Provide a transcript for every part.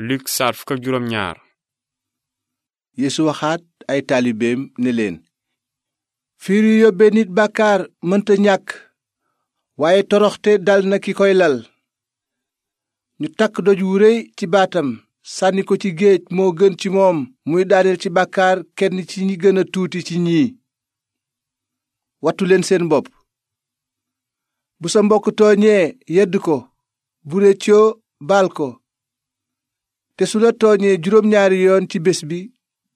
Luk saar fukk ak waxaat ay taalibeem ne leen. fiir yu yóbbee nit bàkkaar mënta ñàkk. waaye toroxte dal na ki koy lal. ñu takk doj wu rëy ci baatam sànni ko ci géej moo gën ci moom muy daaneel ci bàkkaar kenn ci ñi gën a tuuti ci ñii. wattu leen seen bopp. bu sa mbokk tooñee yedd ko. bu réccoo baal ko. te su la tooñee juróom ñaari yoon ci bés bi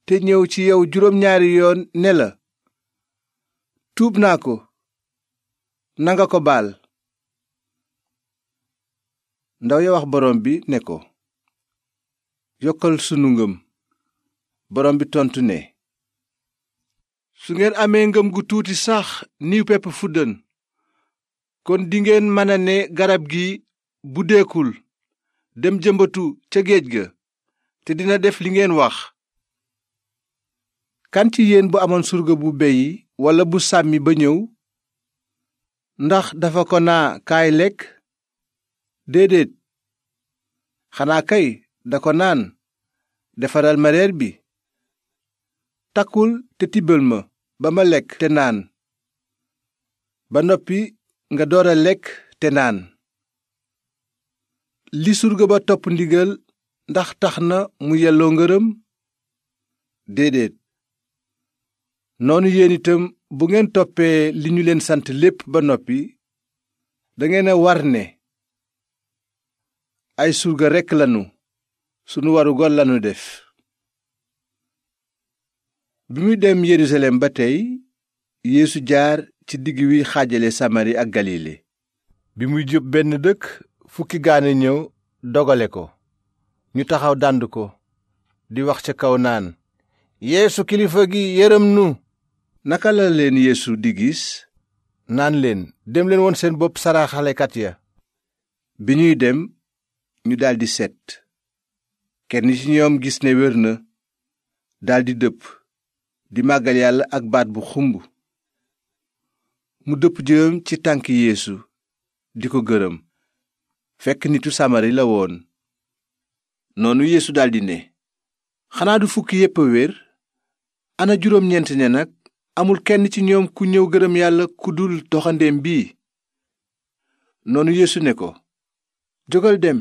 te ñëw ci yow juróom ñaari yoon ne la tuub naa ko nanga ko baal ndaw ya wax borom bi ne ko yokkal sunu ngëm borom bi tontu ne su ngeen amee ngëm gu tuuti sax niw pepp fuddën kon dingeen mën a ne garab gi bu deekul dem jëmbatu ca géej ga te dina def li ngeen wax kan ci yéen bu amoon surga bu beyi walla bu sàmmi ba ñëw ndax dafa ko naa kaay lekk déedéet xanaa kay da ko naan defaral ma reer bi takkul te tibbal ma ba ma lekk te naan ba noppi nga door a lekk te naan li surga ba topp ndigal ndax tax na mu yelloo ngërëm déedéet noonu yéen itam bu ngeen toppee li ñu leen sant lépp ba noppi dangeen a war ne ay surga rekk lanu sunu warugar lanu def bi muy dem Yerusalem ba tey yéesu jaar ci digg wi xaajale Samari ak Galile bi muy jub benn dëkk fukki gaane ñëw dogale ko ñu taxaw dànd ko di wax ca kaw naan yéesu kilifa gi yërëm nu naka la leen yéesu di gis naan leen dem leen woon seen bopp saraxalekat ya bi ñuy dem ñu daldi set kenn ci ñoom gis ne wér na daldi dëpp di màggal yàlla ak baat bu xumb mu dëpp jëm ci tànk yéesu di ko gërëm fekk nitu samari la woon noonu yeesu daldi ne xanaa du fukki yépp a wér ana juróom ñeent ña nag amul kenn ci ñoom ku ñëw gërëm yàlla ku dul doxandeem bi noonu yéesu ne ko jógal dem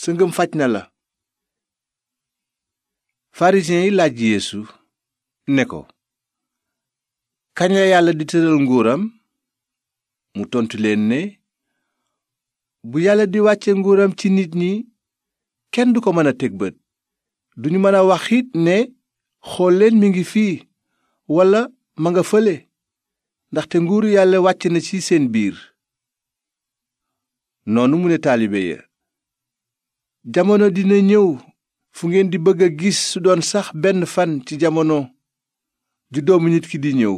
sëngam faj na la farisiyen yi laaj yeesu né ko kañ la yàlla di tëral nguuram mu tontu leen ne bu yàlla di wàcce nguuram ci nit ñi kenn du ko mën a teg bët duñu mën a wax ne xool mi ngi fii walla ma nga fële ndaxte nguur yàlla wàcc na ci seen biir noonu mu ne taalibe ya jamono dina ñëw fu ngeen di bëgg a gis su doon sax benn fan ci jamono ju doomu nit ki di ñëw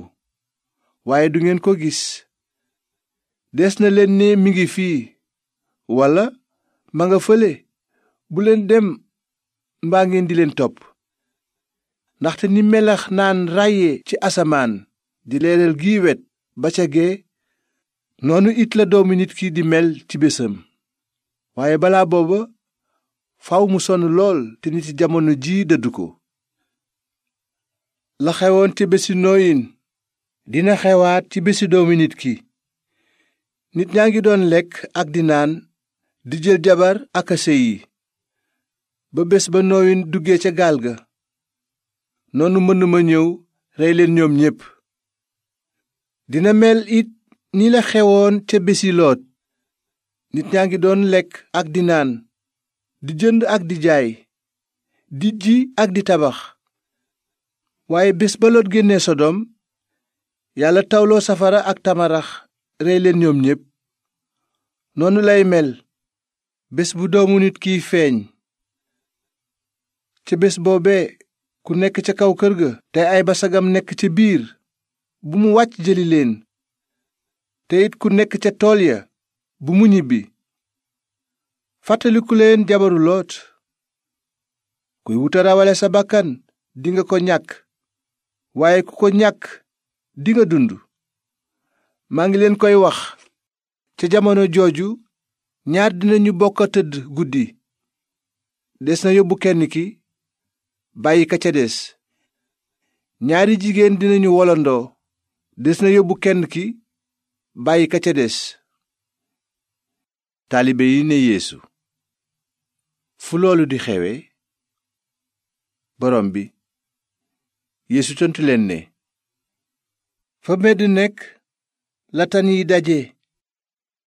waaye du ngeen ko gis des na leen ne mi ngi fii walla ma nga fële bu leen dem mbaa ngeen di leen topp ndaxte ni melax naan ràyyee ci asamaan di leeral gii wet ba ca gee noonu it la doomu nit ki di mel ci bésam waaye balaa booba faw mu sonn lool te nit jamono ji dëdd ko la xewoon ci bési nooyin dina xewaat ci bési doomu nit ki nit ñaa ngi doon lekk ak di naan di jël jabar ak a séyi ba bés ba noowin dugge ca gaal ga noonu mën ma ñëw rey leen ñoom ñépp dina mel it ni la xewoon ca bési loot nit ñaa ngi doon lekk ak di naan di jënd ak di jaay di ji ak di tabax waaye bés ba loot génnee sodom yàlla tawloo safara ak tamarax rey leen ñoom ñépp noonu lay mel bés bu doomu nit kiy feeñ ca bés boobee ku nekk ca kaw kër ga te ay basagam nekk ca biir bu mu wàcc jëli leen te it ku nekk ca tool ya bu mu ñibbi fàttaliku leen jabaru loot kuy wuta rawale sa bakkan dinga ko ñàkk waaye ku ko ñàkk dinga dund maa ngi leen koy wax ca jamono jooju ñaar dinañu bokk a tëdd guddi des na yóbbu kenn ki bàyyi ka ca des ñaari jigéen dinañu wolandoo des na yóbbu kenn ki bàyyi ka ca des taalibe yi ne yeesu fu loolu di xewe borom bi yeesu tontu leen ne fa medd nekk latan yi daje